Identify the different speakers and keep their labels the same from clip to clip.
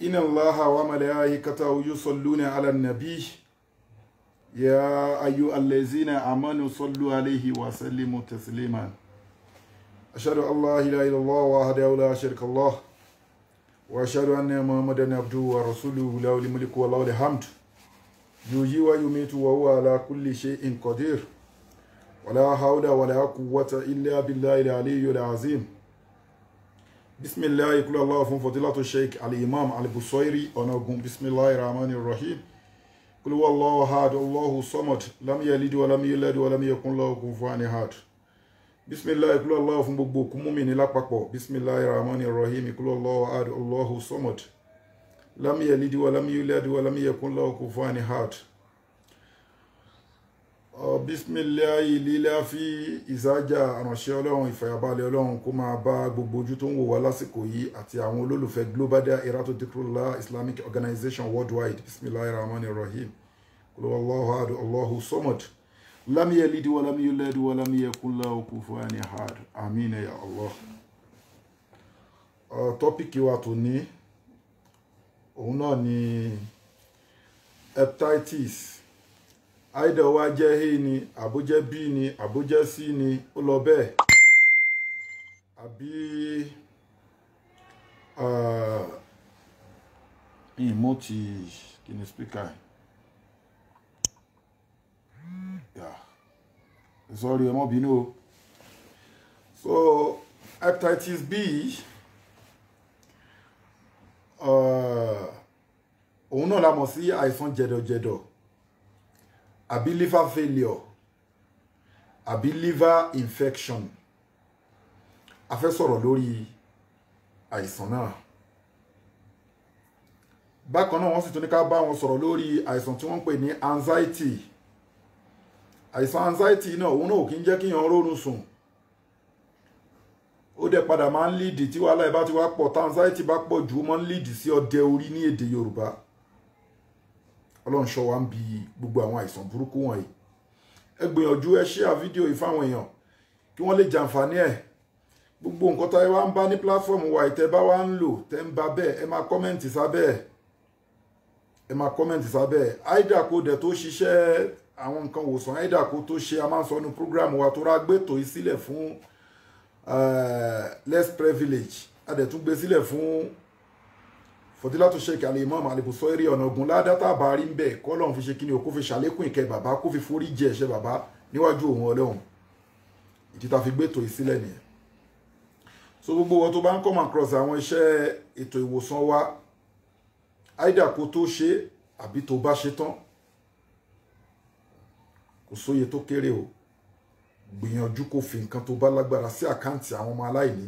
Speaker 1: inna allaha wa malaikatahu yusalluna ala nabi ya ayu allazina amanu sallu alayhi wa sallimu taslima ashhadu an la ilaha illallah wahdahu la sharika lah wa ashhadu anna muhammadan abduhu wa rasuluhu lahu al-mulku wa lahu al-hamd yuhyi wa yumitu wa huwa ala kulli shay'in qadir wa la hawla wa la quwwata illa billahi al-aliyyil azim bisimilayi kula allah fún fọtílátò sheik alimam alibusoiri ọ̀nàgùn bisimilayi rahman rahim kulu allahu ahad allahu samad lamiyalidi walamiyeladi walamiyekun lọ́kùn fún anihad bisimilayi kula allah fún gbogbo kúmúmi ní lápapọ̀ bisimilayi rahman rahim kulu allahu ahad allahu samad lamiyalidi walamiyeladi walamiyekun lọ́kùn fún anihad bisimilayi lílàfi ìsájà àránṣẹ́ ọlọ́run ìfàyàbalẹ̀ ọlọ́run kó máa bá gbogbo ojú tó ń wò wá lásìkò yìí àti àwọn olólùfẹ́ Global Dahiratu Dhikrlahi Islamic Organization worldwide bisimilayi rahman rahim kulawallahu ahad allahu samad lam yalid wa lam yulad wa lam yakun lahu kufuwan ahad amin ya allah. tọ́pìkì wa tó ní òun náà ni hepatitis idol wa jẹ́ a ni àbójẹ́ b ni àbójẹ́ c ni ó lọ bẹ́ẹ̀ àbí ìmọ̀ ti kí ni spíkà sọ́rí ẹ o so hepatitis b òun náà la mọ̀ sí àìsàn jẹ̀dọ̀jẹ̀dọ̀ A liver failure A liver infection a fẹ́ sọ̀rọ̀ lórí àìsàn náà bákan náà wọ́n sì tún ní ká bá wọn sọ̀rọ̀ lórí àìsàn tí wọ́n ń pè ní anxiety àìsàn anxiety náà òun náà kì í jẹ́ kíyàn rórun sùn ó dẹ̀ padà máa ń lead tí wàhálà ẹ̀ bá ti wá pọ̀ tá anxiety bá pọ̀ jù ó máa ń lead sí ọdẹ orí ní èdè Yorùbá ọlọ́run ṣọ́ wa ń bi gbogbo àwọn àìsàn burúkú wọ̀nyí ẹ gbìyànjú ẹ ṣíà fídíò yìí fáwọn èèyàn kí wọ́n lè jàǹfààní ẹ̀ gbogbo nǹkan táyé wa ń bá ní platform wa ìtẹ́ bá wa ń lò tẹ́ ń ba bẹ́ẹ̀ ẹ máa kọ́mẹ́ǹtì sábẹ́ ẹ̀ ẹ máa kọ́mẹ́ǹtì sábẹ́ ẹ̀ áìdà kó dẹ̀ tó ṣiṣẹ́ àwọn nǹkan wòsàn áìdà kó tó ṣe a máa ń sọ nu program wa tó rà gbẹ́tò yìí sílẹ̀ fún eh, less privilege a dẹ̀ tún gbé sílẹ̀ fún fọdílàtò ṣèkì Al-Imam Al-Busayri ọ̀nà ogun ládàtà bá rí ń bẹ̀ kọ́lọ́hún fi ṣe kí ni o kó fi ṣàlékún ìkẹ́ bàbá kó fi forí jẹ ẹ̀ṣẹ̀ bàbá níwájú òun ọlọ́run ìdí ta fi gbé ètò yìí sílẹ̀ nìyẹn so gbogbo wọn tó bá ń come across àwọn iṣẹ́ ètò ìwòsàn wa áìdà kó tó ṣe àbí tó bá ṣe tán kò sóye tó kéré o gbìyànjú kó fi nǹkan tó bá lágbára sí àkáǹtì àwọn ọmọ aláìní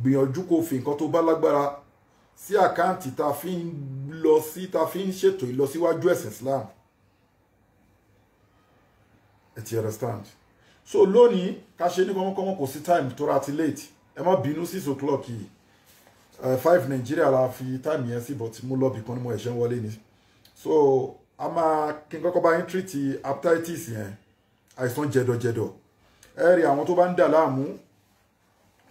Speaker 1: gbìyànjú kó fi nǹkan tó bá lágbára sí àkáǹtì tá a fi ń lọ sí tá a fi ń ṣètò ìlọsíwájú ẹ̀sìn Islam ẹ ti understand so lónìí ká ṣe ní kọ́mọ́kọ́mọ́ kò sí time tó ra ti late ẹ má bínú six o'clock yìí five Nigeria la fi time yẹn sí but mo lọ bìkan ni mo ẹ̀ṣẹ̀ wọlé ni so a máa kí n kọ́kọ́ bá yín treat hepatitis yẹn àìsàn jẹ̀dọ̀jẹ̀dọ̀ ẹ rí àwọn tó bá ń dà láàmú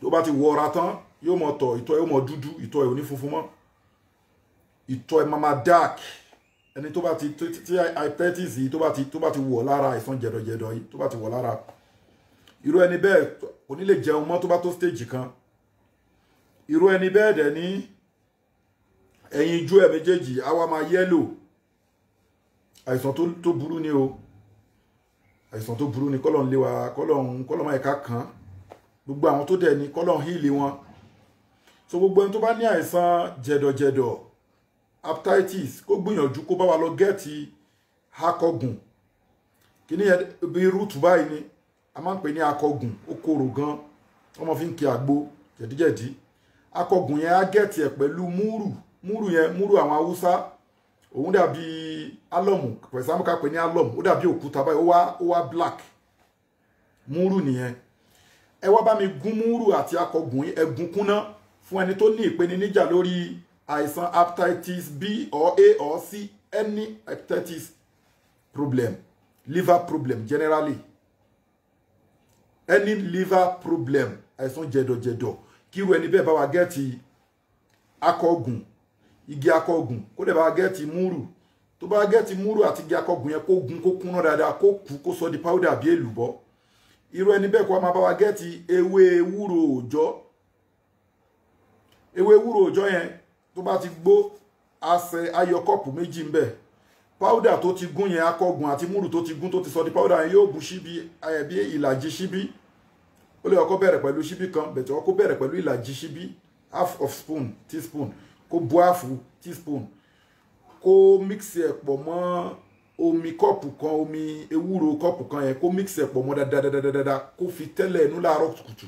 Speaker 1: tó bá ti wọ tán yóò mọ tọ̀ ìtọ̀ ẹ yóò mọ dúdú ìtọ̀ ẹ ò ní funfun mọ́ ìtọ̀ ẹ máa dark ẹni tó bá ti tí arthritis yìí tó bá ti tó bá ti wọ̀ lára àìsàn jẹ̀dọ̀jẹ̀dọ̀ yìí tó bá ti wọ̀ lára irú ẹni bẹ́ẹ̀ kò jẹun mọ́ tó bá tó stage kan irú ẹni bẹ́ẹ̀ dẹ̀ ní ẹ̀yìn ijú ẹ̀ méjèèjì á wá máa yẹ́lò àìsàn tó burú ni o àìsàn tó burú ni kọ́lọ̀ ń lé wa kọ́lọ̀ ń kọ́lọ̀ máa ẹ̀ka kan gbogbo àwọn tó dẹ̀ ní kọ́lọ̀ ń híìlì wọn so gbogbo ẹni tó bá ní àìsàn jẹ̀dọ̀jẹ̀dọ̀ hepatitis kó gbìyànjú kó bá wa lọ gẹ́ẹ̀tì akọgùn kíní bí rúùtù báyìí ni a máa ń pè ní akọgùn ó korò gan wọ́n máa fi ń ki àgbo jẹ̀díjẹ̀dí akọgùn yẹn á gẹ́ẹ̀tì ẹ̀ pẹ̀lú múrù múrù yẹn múrù àwọn haúsá òun dàbí álọ̀mù pẹ̀sàmù ká pè ní álọ̀mù ó dàbí òkúta báyìí ó wá ó wá black múrù nìyẹn ẹ wá bá mi gún múrù àti akọgùn ẹgún kúnná fún ẹni tó ní ìpèníjà lórí àìsàn hepatitis b or a or c any hepatitis problem liver problem generally any liver problem àìsàn jẹ̀dọ̀jẹ̀dọ̀ kíru ẹni bẹ́ẹ̀ bá wa gẹ́ẹ̀tì akọ̀ọ̀gùn igi akọ̀ọ̀gùn kó dẹ̀ bá wa gẹ́ẹ̀tì múrù tó bá gẹ́ẹ̀tì múrù àti igi akọ̀ọ̀gùn yẹn kó gun kó kúnná dáadáa kó kú kó sọ di powder àbí èlùbọ́ irú ẹni bẹ́ẹ̀ kó wa máa bá wa gẹ́ẹ̀tì ewé ewúro òòjọ́ ewé ewúro òjọ́ yẹn tó bá ti gbó asẹ ayọ kọ́ọ̀pù méjì ń bẹ̀ páúdà tó ti gún yẹn akọgùn àti múrù tó ti gún tó ti sọ di páúdà yẹn yóò bu síbi ẹbí ìlàjì síbi ó lè ọkọ bẹ̀rẹ̀ pẹ̀lú síbi kan bẹ̀tẹ̀ ọkọ bẹ̀rẹ̀ pẹ̀lú ìlàjì síbi half of spoon teaspoon kó bu half teaspoon kó mix ẹ̀ pọ̀ mọ́ omi kọ́ọ̀pù kan omi ewúro kọ́ọ̀pù kan yẹn kó mix ẹ̀ pọ̀ mọ́ dáadáa dáadáa kó fi tẹ́lẹ̀ inú láàárọ̀ kùtùkùtù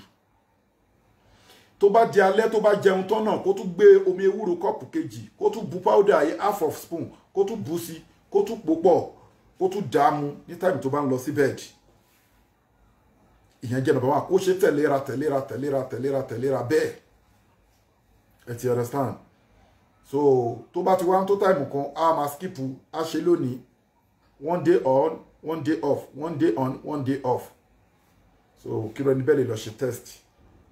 Speaker 1: tó bá di alẹ́ tó bá jẹun tán náà kó tún gbé omi ewúro kọ́ọ̀pù kejì kó tún bu powder yìí half of spoon kó tún bu sí kó tún pò kó tún dà ní táìmù tó bá ń lọ sí bẹ́ẹ̀dì ìyẹn jẹ́ nàbà kó ṣe tẹ̀léra tẹ̀léra tẹ̀léra tẹ̀léra tẹ̀léra bẹ́ẹ̀ ẹ ti understand so tó bá ti wá ń tó táìmù kan a máa skip a ṣe lónìí one day on one day off one day on one day off so kí ló ní bẹ́ẹ̀ lè lọ ṣe test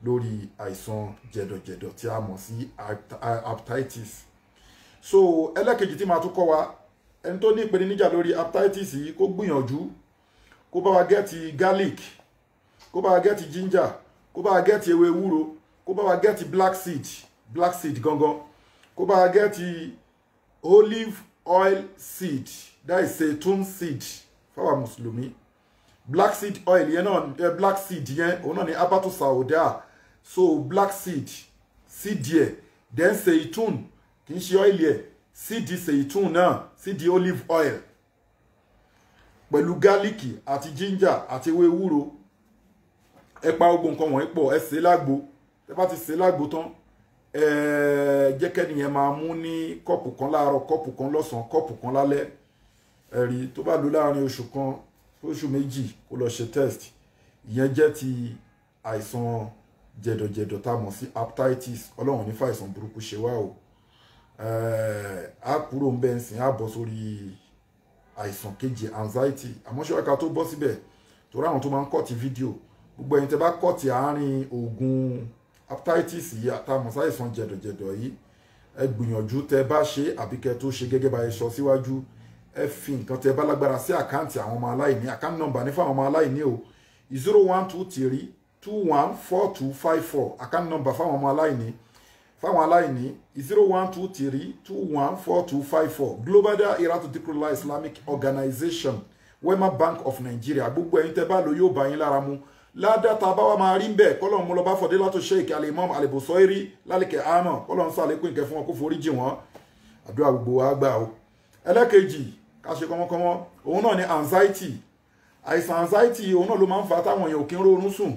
Speaker 1: lórí àìsàn jẹ̀dọ̀jẹ̀dọ̀ tí a mọ̀ sí hepatitis so ẹlẹ́kejì tí màá tún kọ́ wa ẹni tó ní ìpèníjà lórí hepatitis yìí kó gbìyànjú kó bá wa gẹ́ẹ̀tì garlic kó bá wa gẹ́ẹ̀tì ginger kó bá wa gẹ́ẹ̀tì ewé ewúro kó bá wa gẹ́ẹ̀tì black seed black seed gangan kó bá wa gẹ́ẹ̀tì olive oil seed that is zaitun seed fáwọn mùsùlùmí black seed oil yẹn náà eh, black seed yẹn òun náà ni abatu sauda so black seed seed yẹ then seitun kì í ṣe oil yẹ seedi seitun náà seed olive oil pẹ̀lú gálíkì àti ginger àti ewé ewúro ẹ pa gbogbo nǹkan wọ̀nyí pọ̀ ẹ sè é lágbo ẹ bá ti sè é lágbo tán ẹ jẹ́ kẹ́niyẹn máa mú ní kọ́ọ̀pù kan láàárọ̀ kọ́ọ̀pù kan lọ́sàn-án kọ́ọ̀pù kan lálẹ́ ẹ̀rí tó bá lò láàrin oṣù kan oṣù méjì kó lọ ṣe test ìyẹn jẹ́ ti àìsàn jẹ̀dọ̀jẹ̀dọ̀ tá a mọ̀ sí hepatitis ọlọ́run ní fàìsàn burúkú ṣe wá o a kúrò ń bẹ́ sìn á bọ́ sórí àìsàn kejì anxiety àmọ́ ṣọ́ra ká tó bọ́ síbẹ̀ torí àwọn tó máa ń kọ́ọ̀tì fídíò gbogbo ẹ̀yin tẹ́ bá kọ́ọ̀tì àárín oògùn hepatitis yìí tá a mọ̀ sí àìsàn jẹ̀dọ̀jẹ̀dọ̀ yìí ẹ gbìyànjú tẹ́ bá ṣe àbí kẹ́ tó ṣe gẹ́gẹ́ bá ẹ sọ síwájú ẹ fi nǹkan tẹ́ bá lágbára sí àkáǹtì àwọn ọmọ aláìní àkáǹtì nọ́mbà ní fáwọn ọmọ aláìní o zero one two three two one four two five four account number fáwọn ọmọ aláìní fáwọn aláìní zero one two three two one four two five four Global Dahiratu Dhikrlahi Islamic Organization Wema Bank of Nigeria gbogbo ẹ̀yin tẹ́ bá lò yóò bá yín lára mu ládàtà báwa máa rí bẹ́ẹ̀ kọ́lọ́n mo lọ bá fọdé látò sheik alimam alibusoiri lálẹ́kẹ̀ àmọ́ kọ́lọ́n sọ àlékún ìkẹ́ fún wọn kó forí jì wọ́n àdúrà gbogbo wa gbà o. ẹlẹ́kejì ká kọ́mọ́kọ́mọ́ òun náà ni anxiety àìsàn anxiety òun náà ló máa ń fa táwọn èèyàn ò kí ń rórun sùn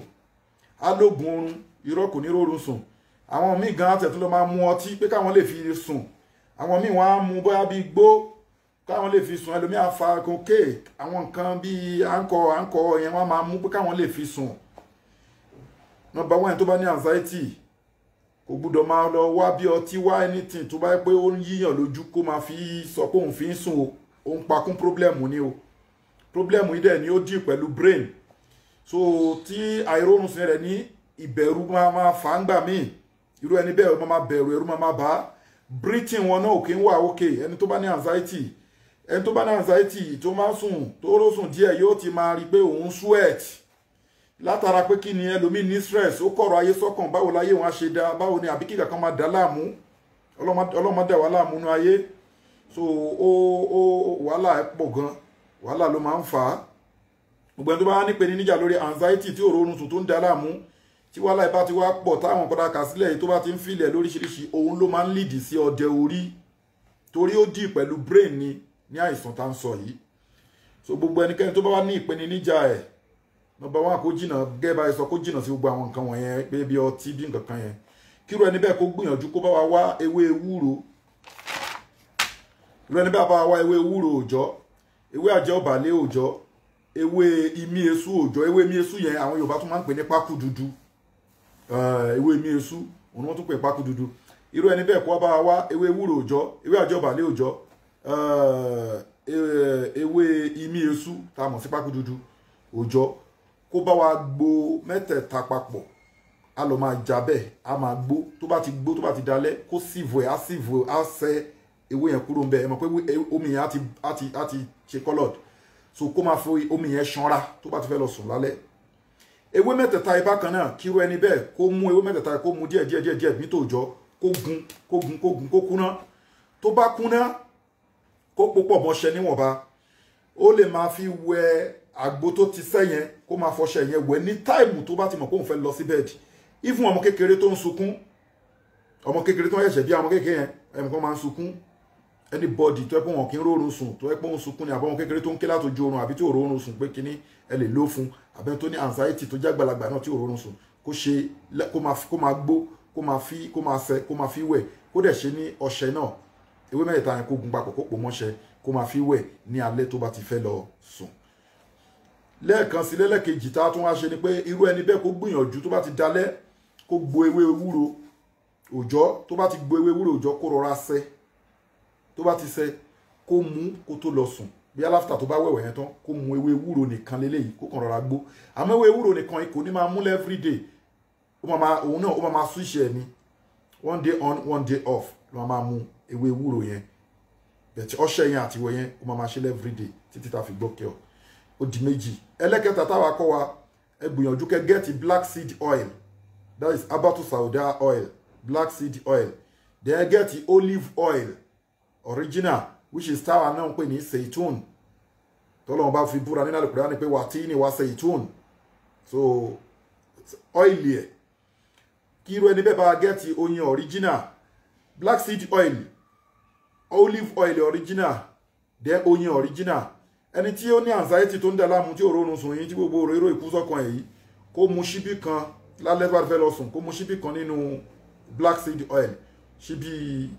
Speaker 1: á lóògùn oorun irọ́ kò ní rórun sùn àwọn míì gan àtẹ̀tún ló máa mu ọtí pé káwọn lè fi sùn àwọn míì wọn á mu bóyá bíi gbó káwọn lè fi sùn ẹlòmíì á fa cocaine àwọn nǹkan bíi àǹkọ àǹkọ yẹn wọn máa mú pé káwọn lè fi sùn nọ́mbà one tó bá ní anxiety kò gbúdọ̀ máa lọ wá bí ọtí wá anything tó bá pé ó ń yíyàn lójú kó máa fi sọ pé òun fi ń sùn o òun pa kún problem ni o problem yìí dẹ̀ ni ó dì pẹ̀lú brain so ti àìrórun sùn rẹ̀ ní ìbẹ̀rù máa máa fà ń gbà míì irú ẹni bẹ́ẹ̀ ó máa bẹ̀rù ẹ̀rù máa máa bá breathing wọn náà kì í wà okay ẹni tó bá ní anxiety ẹni tó bá ní anxiety tó máa sùn tó ró sùn díẹ̀ yóò ti máa rí i pé òun sweat látara pé kí ni ẹlòmíì ní stress ó kọ̀rọ̀ ayé sọ́kàn báwo láyé wọn á ṣe dá báwo ni àbí kíkà kan máa dá láàmú ọlọ́mọdé wà láàmú nú ayé so ó ó wàhálà ẹ̀ pọ̀ gan wàhálà ló máa ń fà á gbogbo ẹni tó bá ní pe ní níjà lórí anxiety tí òrórun sùn tó ń da láàmú tí wàhálà ìbá ti wá pọ̀ táwọn padà kà sílẹ̀ yìí tó bá ti ń filẹ̀ lóríṣiríṣi òun ló máa ń lìdí sí ọdẹ orí torí ó dì pẹ̀lú brain ni ní àìsàn tá ń sọ yìí so gbogbo ẹnikẹ́ni tó bá wá ní ìpèníjà ẹ̀ nọ́mbà wọn kó jìnnà gẹ́gẹ́ bá ẹ sọ kó jìnnà sí gbogbo àwọn nǹkan wọ̀nyẹn pé bí ọtí bí nǹkan kan yẹn kíru ẹni bẹ́ẹ̀ kó gbìyànjú kó bá wa wá ewé ewúro irú ẹni bẹ́ẹ̀ bá wa wá ewé ewúro òòjọ́ ewé àjẹ́ ọ̀bàlẹ́ òòjọ́ ewé imí esu òòjọ́ ewé imí esu yẹn àwọn Yorùbá tún máa ń pè ní pákú dúdú eh, ewé imí esu òun wọ́n tún pè pákú dúdú irú ẹni bẹ́ẹ̀ kó wá bá wa ewé ewúro òòjọ́ ewé àjọbàlẹ̀ òòjọ́ eh, eh, ewé imí esu tá a mọ̀ sí pákú dúdú òòjọ́ kó bá wa gbo mẹ́tẹ̀ẹ̀ta papọ̀ a lọ máa jà bẹ́ẹ̀ a máa gbó tó bá ti gbó tó bá ti dalẹ̀ kó síìvù ẹ̀ á síìvù ẹ̀ á sẹ́ ewé yẹn kúrò ń bẹ́ẹ̀ ẹ mọ̀ pé omi yẹn á ti ṣe colored so kó máa fi omi yẹn ṣanra tó bá ti fẹ́ lọ sùn lálẹ́ ewé mẹ́tẹ̀ẹ̀ta ibà kan náà kíru ẹni bẹ́ẹ̀ kó mú ewé mẹ́tẹ̀ẹ̀ta kó mú díẹ̀ díẹ̀ díẹ̀ díẹ̀ bí tòjọ́ kó gun kó gun kó gun kó kúná tó bá kúná kó pòpọ̀ mọ́ṣẹ níwọ̀nba ó lè máa fi wẹ àgbo tó ti sẹ́ yẹn kó máa fọṣẹ yẹn wẹ ní táìmù tó bá ti mọ̀ kó òun fẹ́ lọ sí bẹ́ẹ̀dì even ọmọ kékeré tó ń sunkún ọmọ kékeré tó ń yẹ̀ṣẹ̀ bí ọmọ kékeré yẹn ẹnìkan máa ń sunkún anybody tó ẹ pé wọn kì í rórun sùn tó ẹ pé òun sunkún ni àbáwọn kékeré tó ń ké látòjú oorun àbí tí ò rórun sùn pé kínní ẹ lè lò fún àbẹ tó ní anxiety tó jẹ́ àgbàlagbà náà tí ò rórun sùn kó ṣe kó máa gbó kó máa fi kó máa fẹ kó máa fi wẹ̀ kó dẹ̀ ṣe ní ọṣẹ náà ewé mẹ́ta yẹn kó gun papọ̀ kó pò mọ́ṣẹ kó máa fi wẹ̀ ní alẹ́ tó bá ti fẹ́ lọ sùn lẹ́ẹ̀kan sí lẹ́lẹ́kejì tá a tún wá ṣe ni pé irú ẹni bẹ́ẹ̀ kó gbìyànjú tó bá ti dalẹ́ kó gbo ewé ewúro òòjọ́ tó bá ti gbo ewé ewúro òòjọ́ kó rọra sẹ́ tó bá ti sẹ kó mú kó tó lọ sùn bí aláfta tó bá wẹ̀wẹ̀ yẹn tán kó mu ewé ewúro nìkan lélẹ́yìí kó kàn rọra gbó àmọ́ ewé ewúro nìkan kò ní máa múlẹ̀ everyday òun náà ó máa máa switch ẹ̀ ni one day on one day off ló máa mu ewé ewúro yẹn bẹ̀tí ọṣẹ yẹn àti ìwẹ̀ yẹn ó máa máa ṣe everyday títí tá a fi gbọ́ kẹ́ ọ ó di méjì ẹlẹ́kẹta táwa kọ́ wa ẹ gbìyànjú kẹ́ get black seed oil that is abatu sauda oil black seed oil then get olive oil original which is táwa náà ń pè ní seitun tọ́lọ́wọ́n bá fi búra nínú àlùkùránì pé wà tí ní wà seitun so ọ́ìlì ẹ̀ kí irú ẹni bẹ́ẹ̀ bá gẹ́ẹ̀tì oyin original black seed oil olive oil original then oyin original ẹni tí ó ní anxiety tó ń dà láàmú tí òróorun sùn yín tí gbogbo òrò èrò ìkúsọ́kan èyí kó mu ṣíbí kan lálẹ́ bá fẹ́ lọ sùn kó mu ṣíbí kan nínú black seed oil ṣíbí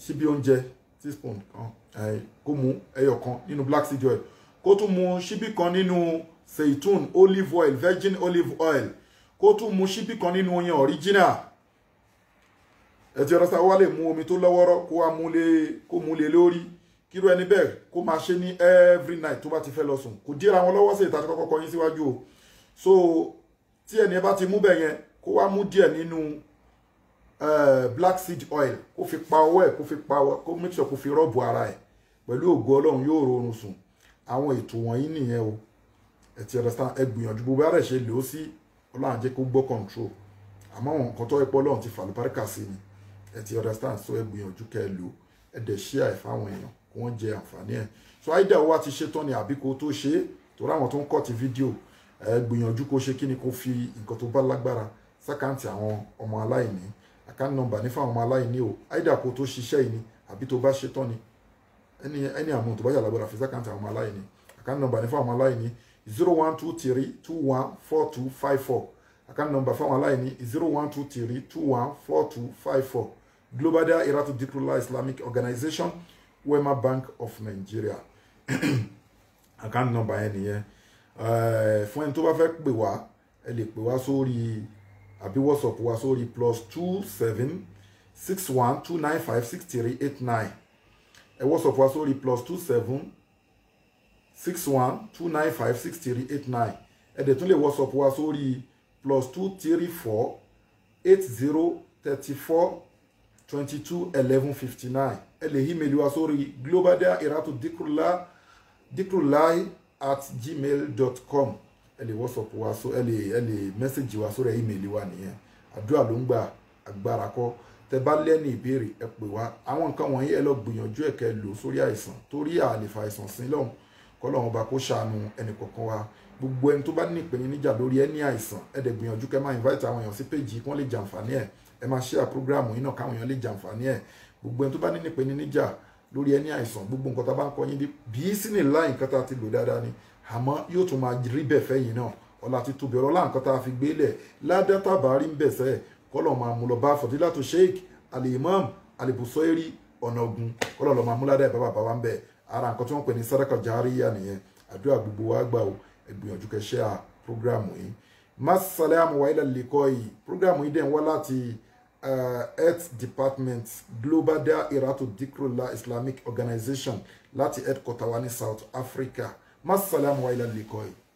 Speaker 1: ṣíbí oúnjẹ teaspoon kan eh, kó mu ẹyọ kan nínú black seed oil kó tún mu ṣíbí kan nínú seitun olive oil virgin olive oil kó tún mu ṣíbí kan nínú oyin original ẹtì ọ̀rọ̀ sáà lè mu omi tó lọ́wọ́rọ́ kó wá mu lé lórí kírú ẹni bẹ́ẹ̀ kó máa ṣe ní every night tó bá ti fẹ́ lọ sùn kò díra wọn lọ́wọ́ sí ìta tí kọ́kọ́ kọyín síwájú o so tí ẹni bá ti mú bẹ́ẹ̀ yẹn kó wá mú díẹ̀ nínú Eh, black seed oil kó fi pa ọwọ́ ẹ̀ kó fi pa ọwọ́ kó make sure kó fi rọ́ọ̀bù ara ẹ̀ pẹ̀lú ògo ọlọ́run yóò rọrùn sùn àwọn ètò wọ̀nyí nìyẹn o ẹ ti understand ẹ gbìyànjú bó bá rẹ̀ ṣe lò ó sí ọlọ́run jẹ́ kó gbọ́ control àmọ́ àwọn nǹkan tó ẹ pọ́ ọlọ́run ti fàlùbáríkà sí ni ẹ ti understand so ẹ gbìyànjú kẹ́ ẹ lò ó ẹ dẹ̀ ṣí àì fáwọn èèyàn kí wọ́n jẹ àǹfààní ẹ̀ so either wa ti ṣe tán ni àbí kó tó ṣe é torí àwọn tó ń kọ́ ti fídíò ẹ gbìyànjú kó ṣe kí ni kó fi nǹkan tó bá lágbára sákàǹtì àwọn ọmọ aláìní account number ní fáwọn ọmọ aláìní o àìdá kó tó ṣiṣẹ́ yìí ni àbí tó bá ṣetán ni ẹni ẹni àmọ́ tó bá yà lágbára fisa account àwọn ọmọ aláìní account number ní fáwọn ọmọ aláìní zero one two three two one four two five four account number fáwọn aláìní zero one two three two one four two five four Global Dahiratu Dhikrlahi Islamic Organization Wema Bank of Nigeria account number yẹn nìyẹn eh, fún ẹni tó bá fẹ́ pè wá ẹ lè pè wá sórí. So àbí whatsapp wa sórí plus two seven six one two nine five six three eight nine ẹ whatsapp wa sórí plus two seven six one two nine five six three eight nine ẹ dẹ̀ tún lè whatsapp wa sórí plus two three four eight zero thirty four twenty two eleven fifty nine ẹ lè email wa sórí global dahiratu dikrullah dikrullah at gmail dot com ẹ lè whatsapp wa so ẹ lè ẹ lè mẹ́sẹ̀gì wa sórí email wa nìyẹn àdúrà ló ń gba agbára kọ́ tẹ bá lẹ́ni ìbéèrè ẹ pè wá àwọn nǹkan wọ̀nyí ẹ lọ gbìyànjú ẹ̀kẹ́ lò sórí àìsàn torí àlefa àìsàn sí lọ́hùn kọ́lọ́hún bá kó ṣàánú ẹnì kọ̀ọ̀kan wa gbogbo ẹni tó bá ní ìpèníjà níjà lórí ẹni àìsàn ẹ dẹ̀ gbìyànjú kẹ́ máa invite àwọn èèyàn sí péjì kí wọ́n lè jàǹfààní ẹ̀ ẹ máa share program yìí náà káwọn èèyàn lè jàǹfààní ẹ̀ gbogbo ẹni tó bá ní ìpèníjà níjà lórí ẹni àìsàn gbogbo nǹkan tá a bá ń kọ́ yín bí í sínú ìlà nǹkan tá a ti lò dáadáa ni àmọ́ yóò tún máa rí bẹ́ẹ̀ fẹ́yìn náà ọlá ti tóbi ọlọ́lá nǹkan tá a fi gbélẹ̀ ládàtà bá rí ń bẹ̀ sẹ́ kọ́lọ̀ máa mú lọ bá fọ̀dílàtò sheik alimam alibusoeri ọ̀nà ogun kọ́lọ̀ lọ́ máa mú ládàá bàbá bàbá ń bẹ̀ ara nǹkan tí wọ́n pè ní sadaka jariya nìyẹn àdúrà gbogbo wa gbà ó ẹgbìyànjú kẹṣẹ́ à prógráàmù yìí masalaam waila likoi prógráàmù yìí dẹ̀ ń wá eh, department global dahiratu dhikrlahi islamic organization láti headquarter wa south africa مع السلامه والى اللقاء